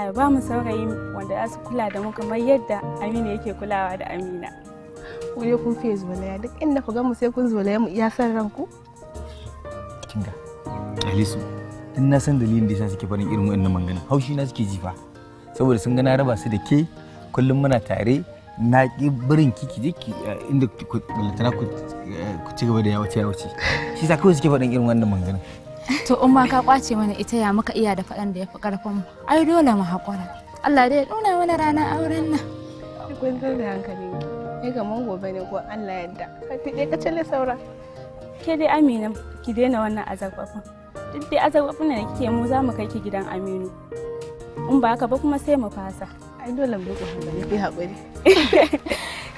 Allah ya ba mu saurayi wanda za su kula da mu kamar yadda Amina yake kulawa da Amina. Ku ne kun fiye zolaya duk inda ku ga mu sai kun zolaya mu iya san ranku. Kinga, Alisu, in na san dalilin da yasa suke farin irin wannan magana, haushi na suke jifa. Saboda sun ga na raba su da ke kullum muna tare na ƙi barin kiki je eh, inda eh, ku ci gaba da yawace yawace. Shi sa kawai suke faɗin irin wannan magana. to in ma ka kwace mana ita ya muka iya da faɗan da ya fi ƙarfin mu ai dole mu haƙura Allah dai nuna mana rana auren nan kun zo da hankali ne ga mun gobe ne ko Allah ya yarda ka ka cele saura ke dai Amina ki daina wannan azabafin duk dai azabafin ne kike mu za mu kai ki gidan Aminu in ba haka ba kuma sai mu fasa ai dole mu yi hankali ki haƙuri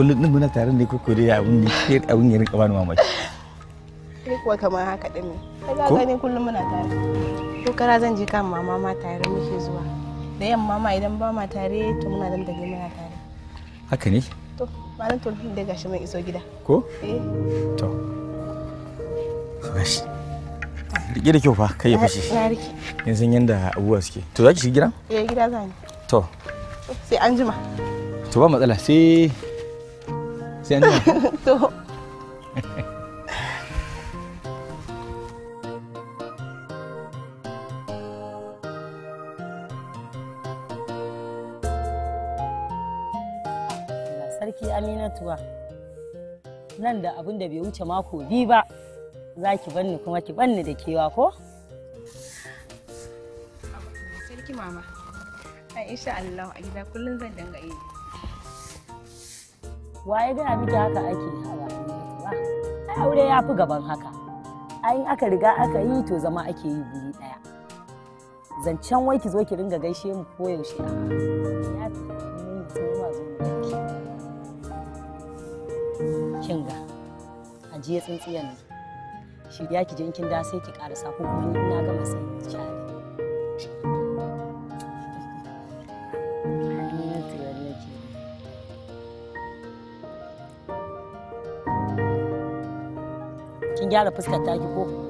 kullum din muna tare ne kuka da abun ne abun ya rinka bani mamaki kai kuwa kamar haka din ne kaga gane kullum muna tare to kara zan je kan mama ma tare muke zuwa da yan mama idan ba ma tare to muna dan da muna tare haka ne to malam to da gashi mai iso gida ko eh to gashi rike da kyau fa kai ya fashe yanzu yanda abuwa suke to zaki shiga gida eh gida zan to sai an jima to ba matsala sai 先弄。都。Sarki Aminatuwa, nan da abin da bai wuce mako biyu ba, za ki banni kuma ki banni da kewa ko? Sarki mama, a insha Allah a gida kullum zan danga yi. waye gaya miki haka ake ai aure ya fi gaban haka ai aka riga aka yi to zama ake yi guri daya zancen wai ki zo ki ringa gaishe mu koyaushe a ya fi jiya mu tsintsiyan ne Shirya ki je kin da sai ki karasa ko kuma ni ina ga gyara fuskar taki ko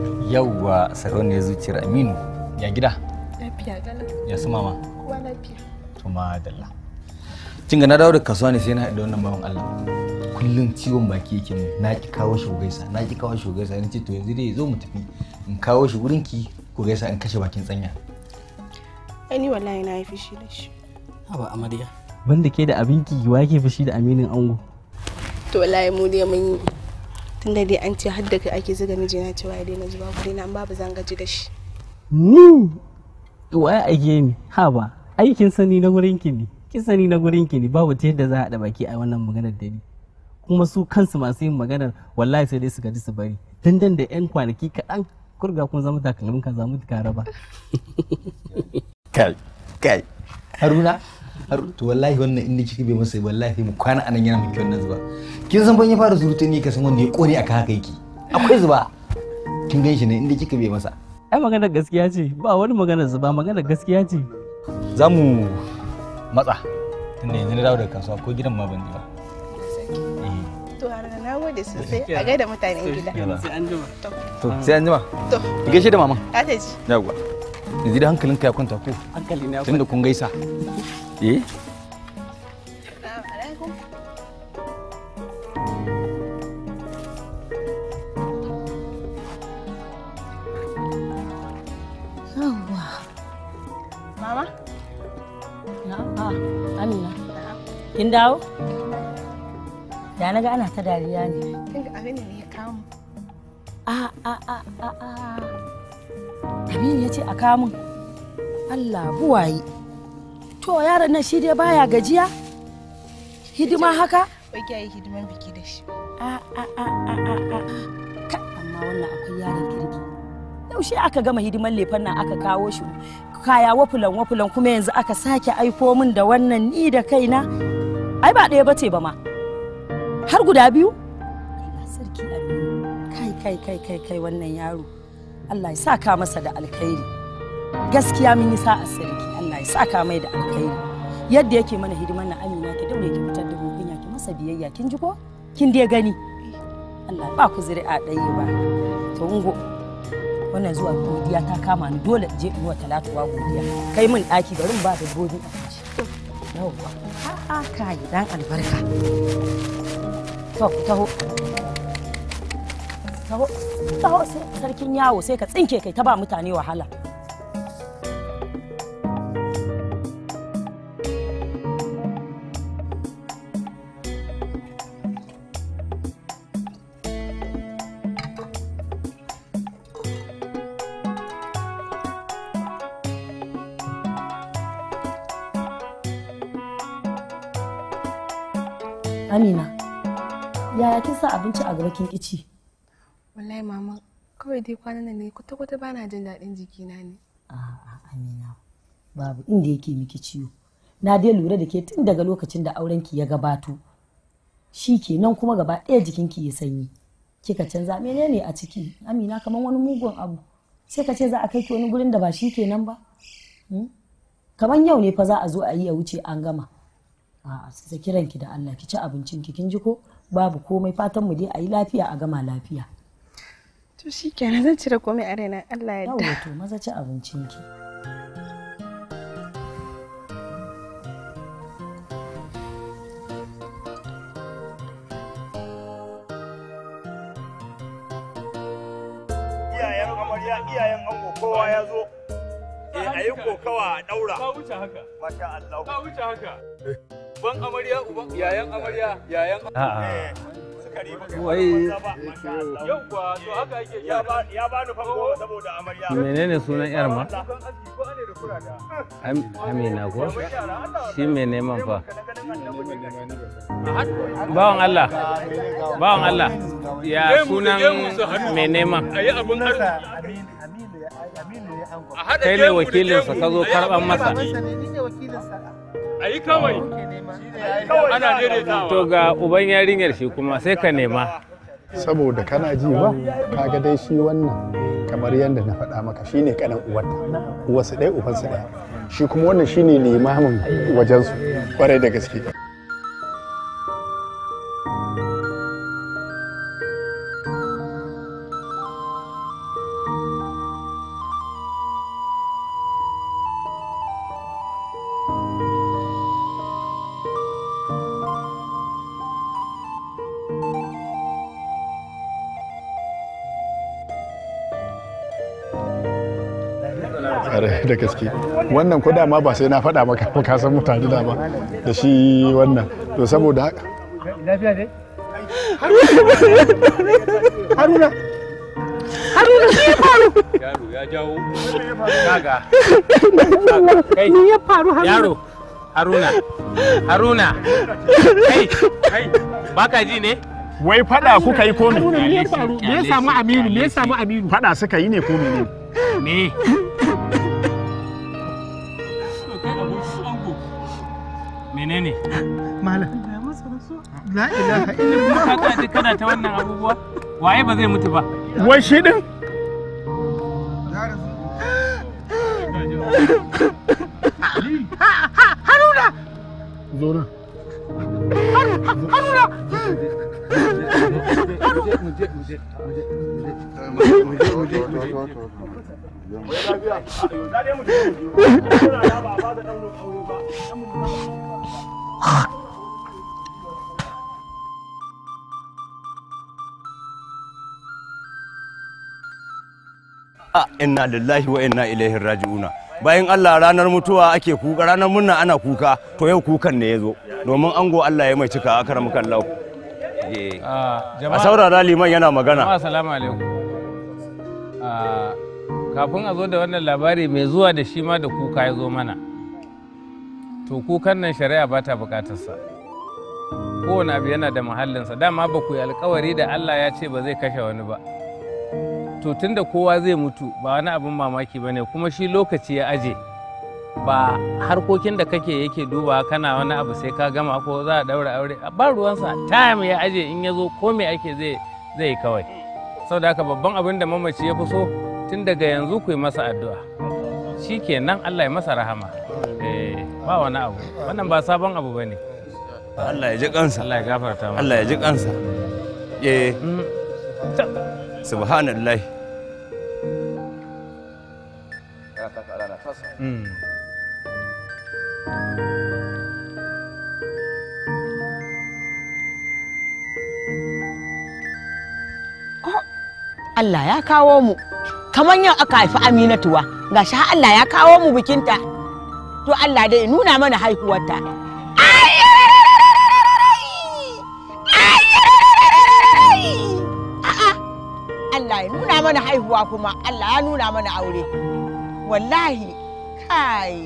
yauwa Sarauniya zuciyar aminu ya gida lafiya dala ya su mama kuwa lafiya to ma dalla kin ga na dawo da kasuwa ne sai na haɗu da wannan bawan Allah kullum ciwon baki yake ne na ki kawo shi gaisa na ki kawo shi gaisa in ce to yanzu dai zo mu tafi in kawo shi wurin ki ko gaisa in kashe bakin tsanya ani wallahi na yi fushi da shi haba amarya banda ke da abinki wa ke fushi da aminin ango to wallahi mu dai mun yi tun da dai an ce har da kai ake zuga na cewa ya daina zuwa guri na babu zan gaji da shi ni wai age ni ha ba aikin sani na gurin ki ne kin sani na gurin ki ne babu ta yadda za a baki a wannan maganar da ni kuma su kansu masu yin maganar wallahi sai dai su gaji su bari dandan da yan kwanaki kaɗan kurga kun zama takalmin ka zamu ka raba kai kai haruna har to wallahi wannan inda kika bai masa wallahi mu kwana anan yana miki wannan zuba kin san ban ya fara surutu ne ka san wanda ya kone aka haka yake akwai zuba kin gan shi ne inda kika bai masa ai magana gaskiya ce ba wani magana zuba magana gaskiya ce zamu matsa tunda yanzu na dawo daga kasuwa ko gidan ma ban ba eh. to na gode sosai a gaida mutanen gida sai an jima to sai an jima to gaishe da maman ta ji yawwa yanzu da hankalinka ya kwanta ko tunda kun gaisa eh ah, Kin dawo? Da na ga ana ta dariya ne. Kin ga abin ne ya kamu. A ah, a ah, a a a. Aminu ya ce a kamun. Allah buwaye. To yaron nan shi dai baya gajiya? Hidima haka? Wai yi hidiman biki da shi. A a a a a a. Amma wannan akwai yaron kirki. Yaushe aka gama hidiman lefan nan aka kawo shi kaya wafulan wafulan kuma yanzu aka sake aiko min da wannan ni da kaina. Ai ba ɗaya bace ba ma. Har guda biyu? Kai kai kai kai kai wannan yaro. Allah ya saka masa da alkhairi gaskiya mun yi sa'a sarki Allah ya saka mai da alkhairi yadda yake mana hidimar na amina ki daure ki fitar da mu ki masa biyayya kin ji ko kin dai gani Allah ba ku zuri'a ɗaya ba to ungo wannan zuwa godiya ta kama ni dole je in wa latuwa godiya kai min ɗaki garin ba dabbobi abinci yawwa a'a kai dan albarka to ta taho taho taho sarkin yawo sai ka tsinke kai ta ba mutane wahala Amina, yaya kin sa abinci a gaba kin kici? wallahi mama kawai dai kwanan nan ne kwata-kwata ba jin daɗin jikina ne a'a amina babu inda yake miki ciwo na dai lura da ke tun daga lokacin da aurenki ya gabato shi kenan kuma gaba ɗaya jikinki ya sanyi kika canza menene a ciki amina kamar wani mugun abu sai ka ce za a kai ki wani gurin da ba shi kenan ba hmm? Kaman yau ne fa za a zo a yi a wuce an gama a'a sai kiran ki da Allah ki ci abincin ki kin ji ko babu komai fatan mu dai a yi lafiya a gama lafiya to shi kenan zan cire komai a raina Allah ya da. to maza ci abincin ki iyayen amarya iyayen ya zo eh yi kokawa a daura ka amarya yayan amarya a'a kare wai eh, yauwa to haka ya ba ya ba ni saboda menene sunan yar ma amina ko shi me neman fa bawan Allah bawan Allah ya sunan me neman ayi abun kai ne wakilinsa ka zo karɓar masa kawai ana to ga uban yarinyar shi kuma sai ka nema saboda kana ji ba kaga dai shi wannan kamar yadda na faɗa maka shine kanan uwarta uwarsa ɗaya ubansa ɗaya shi kuma wannan shine limamin wajensu kwarai da gaske da gaske wannan ko dama ba sai na faɗa maka ba ka san mutane da ba da shi wannan to saboda haka lafiya ne haruna haruna shi ya faru yaro ya jawo ni ya faru haruna yaro haruna haruna kai kai baka ji ne wai fada kuka yi komi me ya samu aminu me ya samu aminu fada suka yi ne komi ne ne. menene malam la ilaha illallah ka ta kana ta wannan abubuwa waye ba zai mutu ba wai shi din haruna inna lillahi wa inna ilaihi raji'una bayan Allah ranar mutuwa ake kuka ranar murna ana kuka to yau kukan ne ya zo domin ango Allah ya mai cika a karamu kallau a saurara liman yana magana jama'a salamu alaikum kafin a zo da wannan labari mai zuwa da shi ma da kuka ya zo mana to kukan nan shari'a ba ta bukatarsa kowane abu yana da muhallinsa dama ba ku yi alkawari da allah ya ce ba zai kashe wani ba to tunda kowa zai mutu ba wani abin mamaki ba ne kuma shi lokaci ya aje ba harkokin da kake yake duba kana wani abu sai ka gama ko za a daura aure ba ruwansa time ya aje in ya zo ko me ake zai zai kawai saboda haka babban abin da mamaci ya fi so tun daga yanzu ku yi masa addu'a Shi shikenan Allah ya masa rahama ba wani abu wannan ba sabon abu bane Allah ya ji kansa Allah ya gafarta masa Allah ya ji kansa eh mm. subhanallah mm. Oh, Allah ya kawo mu kamar yau aka haifi Aminatuwa gashi har Allah ya kawo mu bikinta to Allah dai nuna mana haihuwarta Allah ya nuna mana haihuwa kuma Allah ya nuna mana aure wallahi kai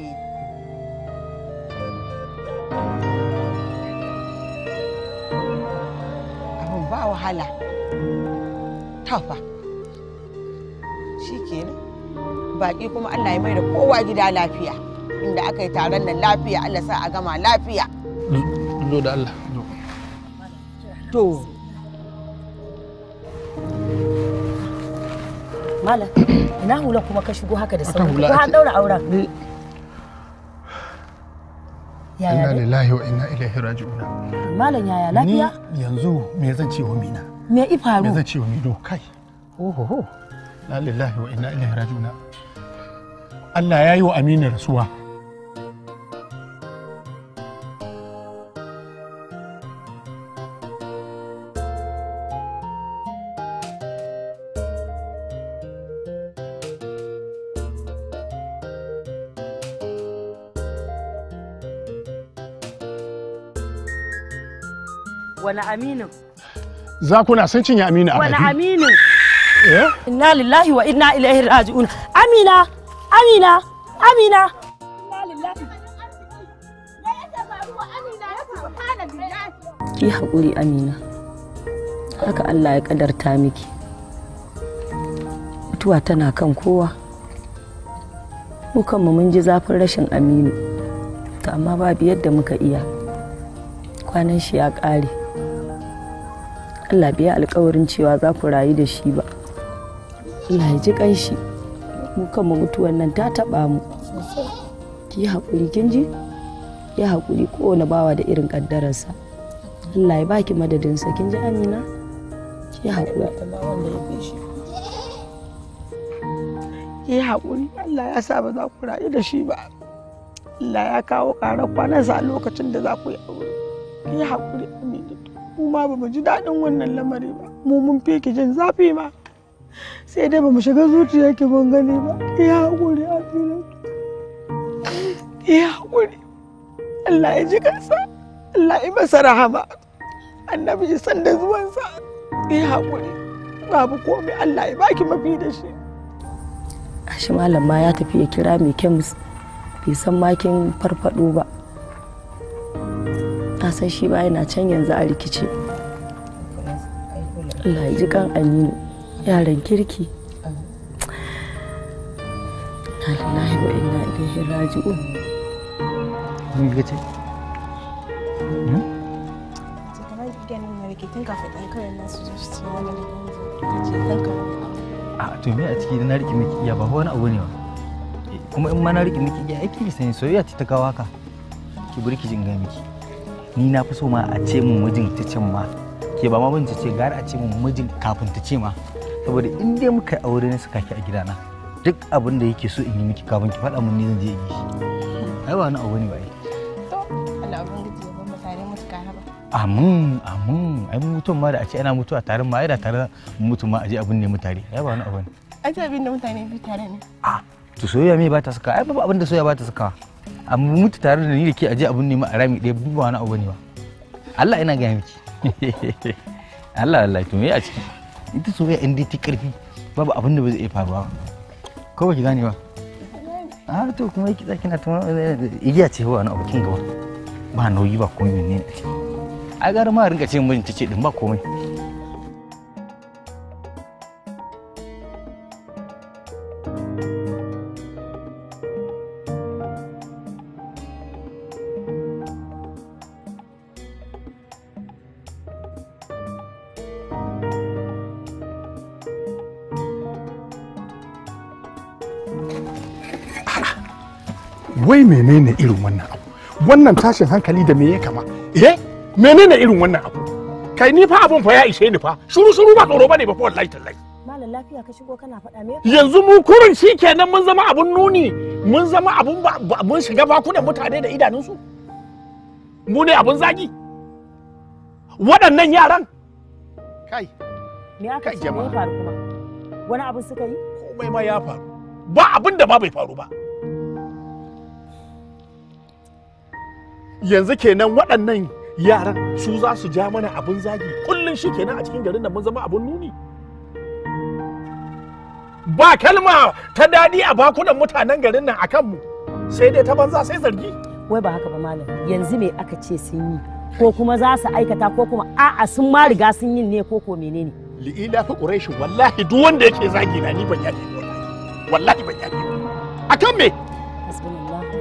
abin ba wahala tafa shi kenan baƙi kuma Allah ya mai da kowa gida lafiya inda aka yi taron nan lafiya Allah sa a gama lafiya zo da Allah to Mala, ina hula kuma ka shigo haka da sauri ko an daura auren inna lillahi wa inna ilaihi raji'un malam yaya lafiya yanzu me zan ce wa mina me ifaru me zan ce wa mido kai ohoho la lillahi wa inna ilaihi raji'un Allah ya yi wa Aminu rasuwa wani aminin zakuna san cinye amina a wani aminin eh? inna lillahi wa inna ilaihi raji'un amina amina amina ki haƙuri amina haka allah ya ƙadarta miki mutuwa tana kan kowa mu kanmu mun ji zafin rashin aminu to amma babu yadda muka iya kwanan shi ya ƙare Allah bai alkawarin cewa za ku rayu da shi ba Allah ya ji ƙanshi mu kanmu mutuwan nan ta taɓa mu ki haƙuri kin ji ya haƙuri kowane bawa da irin ƙaddararsa Allah ya baki madadinsa kin ji amina ki haƙuri ya haƙuri Allah ya sa ba za ku rayu da shi ba Allah ya kawo ƙarar kwanansa a lokacin da za ku yi aure ki haƙuri amina mu ma ba mu ji daɗin wannan lamari ba mu mun fi jin zafi ma sai dai ba mu shiga zuciya ki mun gani ba ya haƙuri a filin ya haƙuri Allah ya ji kansa Allah ya masa rahama annabi ya san da zuwansa ya haƙuri babu komai Allah ya baki mafi da shi ashi malam ma ya tafi ya kira mai kemis bai san makin farfado ba ka san shi ba yana can yanzu a rikice Allah ji kan aminu yaran kirki na wa inna ilaihi raji'un mun ga ce hmm? a to me a ciki na riƙe miki iya ba wani abu ne ba eh, kuma in ma na riƙe miki iya aiki ne soyayya ta kawo ki burki jin ga miki ni na fi so ma a ce mun mijin ta ce ma ke ba ma ban ce gara a ce mun mijin kafin ta ce ma saboda in dai muka aure ne suka ki a gidana duk abin da yake so in yi miki kafin ki faɗa mun ni zan je in yi shi ai ba ni abu ne ba ai to Allah mutu amin amin ai mutum ma da a ce ana mutuwa tare ma ai da tare mutum ma a je abin ne mutare ai ba wani abu ne ai abin da mutane bi tare ne a ah, to soyayya me ba ta saka ai babu abin da soyayya ba ta saka amma mutu tare da ni da ke aje abun nema a rami ɗaya duba wani abu ne ba Allah ina gaya miki Allah Allah to me a ciki ita so ya dai ta karfi babu abun da ba zai faruwa ba ko ba ki gane ba a to kuma yake tsaki na tuma igiya ce wani abu kin gaba ba nauyi ba komai ne a gara ma rinka ce mun tace din ba komai wai menene irin wannan abu wannan tashin hankali da me ya kama eh menene irin wannan abu kai ni fa abun fa ya ishe ni fa shuru shuru ba tsoro bane ba fa wallahi tallahi malam lafiya ka shigo kana faɗa me yanzu mu kurin shikenan mun zama abun nuni mun zama abun mun shiga bakunan mutane da idanunsu mu ne abun zagi waɗannan yaran kai me aka ce faru kuma wani abu suka yi komai ma ya faru ba abin da ma bai faru ba yanzu kenan waɗannan yaran su za su ja mana abin zagi kullum shi kenan a cikin garin da mun zama abin nuni ba kalma ta daɗi a bakunan mutanen garin nan a kanmu sai dai ta banza sai zargi wai ba haka ba malam yanzu me aka ce sun yi ko kuma za su aikata ko kuma a'a sun ma riga sun yin ne ko ko menene li'ila fi quraishi wallahi duk wanda yake zagi na ni ban yaje wallahi ban yaje akan me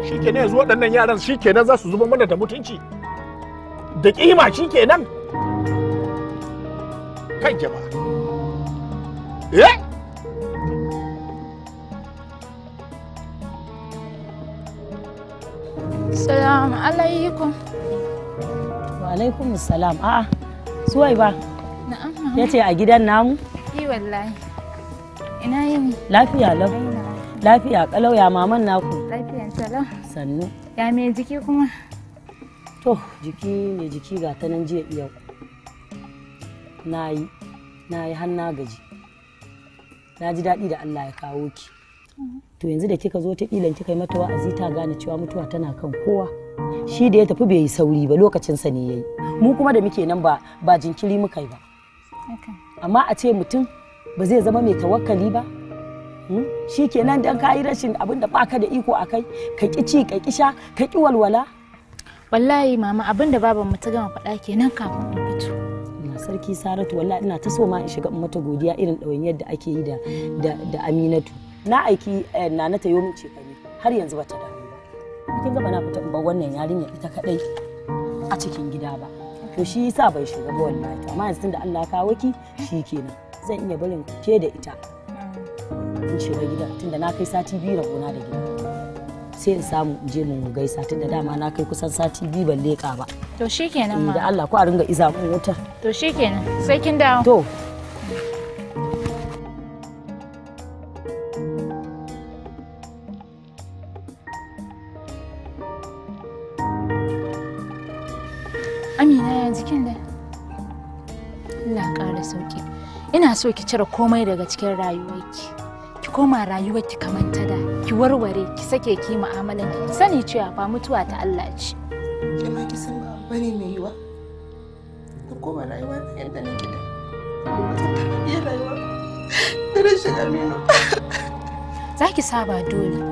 shikenan yanzu waɗannan yaran shikenan za su zuba mana da mutunci da kima shikenan kan jama'a eh alaikum. Wa alaikum salam. A'a, suwai ba. Na'am. ce a gidan namu? Yi eh, wallahi. Ina yin Lafiya lau. Lafiya kalau ya maman naku. Lafiyan Sannu. Ya me jiki kuma? To jiki ne jiki ga ta nan jiya iya. Na yi na yi har na gaji. Na ji daɗi da Allah ya kawo ki. To yanzu da kika zo ta ƙilan kika yi mata wa'azi ta gane cewa mutuwa tana kan kowa. Shi da ya tafi bai yi sauri ba lokacinsa ne yayi Mu kuma da muke nan ba ba jinkiri muka yi ba. Amma a ce mutum ba zai zama mai tawakkali ba Hmm? shi kenan dan kayi rashin abin da baka da iko akai ka ƙi ci ka ƙi sha ka ki walwala wallahi mama abin da baban mu ta gama fada kenan kafin in fito ina sarki saratu wallahi ina ta so ma in shiga mata godiya irin ɗawainiyar yadda ake yi da da aminatu na aiki eh, nana ta tayo ce har yanzu bata da ba kin ga bana fita in bar wannan yarinya ita kadai a cikin gida ba to shi yasa bai shiga ba wallahi amma yanzu da Allah ya kawo ki shikenan zan iya barin ke da ita in ce shiga gida tunda na kai sati biyu rabona da gida sai in samu in je mu gaisa tunda dama na kai kusan sati biyu ban leƙa ba to shikenan ma da Allah ko a ringa iza mun wuta to shikenan sai kin dawo to Amina ya jikin da Allah ƙara sauki ina so ki cire komai daga cikin rayuwarki koma rayuwar ki kamar ta da ki warware ki sake ki mu'amalan ki sani cewa ba mutuwa ta Allah ce amma ki san ba bane mai yiwa ta koma rayuwa yadda nake da ya rayuwa da rashin aminu za ki saba dole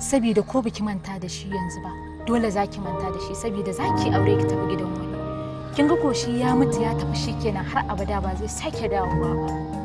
saboda ko biki manta da shi yanzu ba dole za ki manta da shi saboda za ki aure ki tafi gidan wani kin ga koshi ya mutu ya tafi shikenan har abada ba zai sake dawowa ba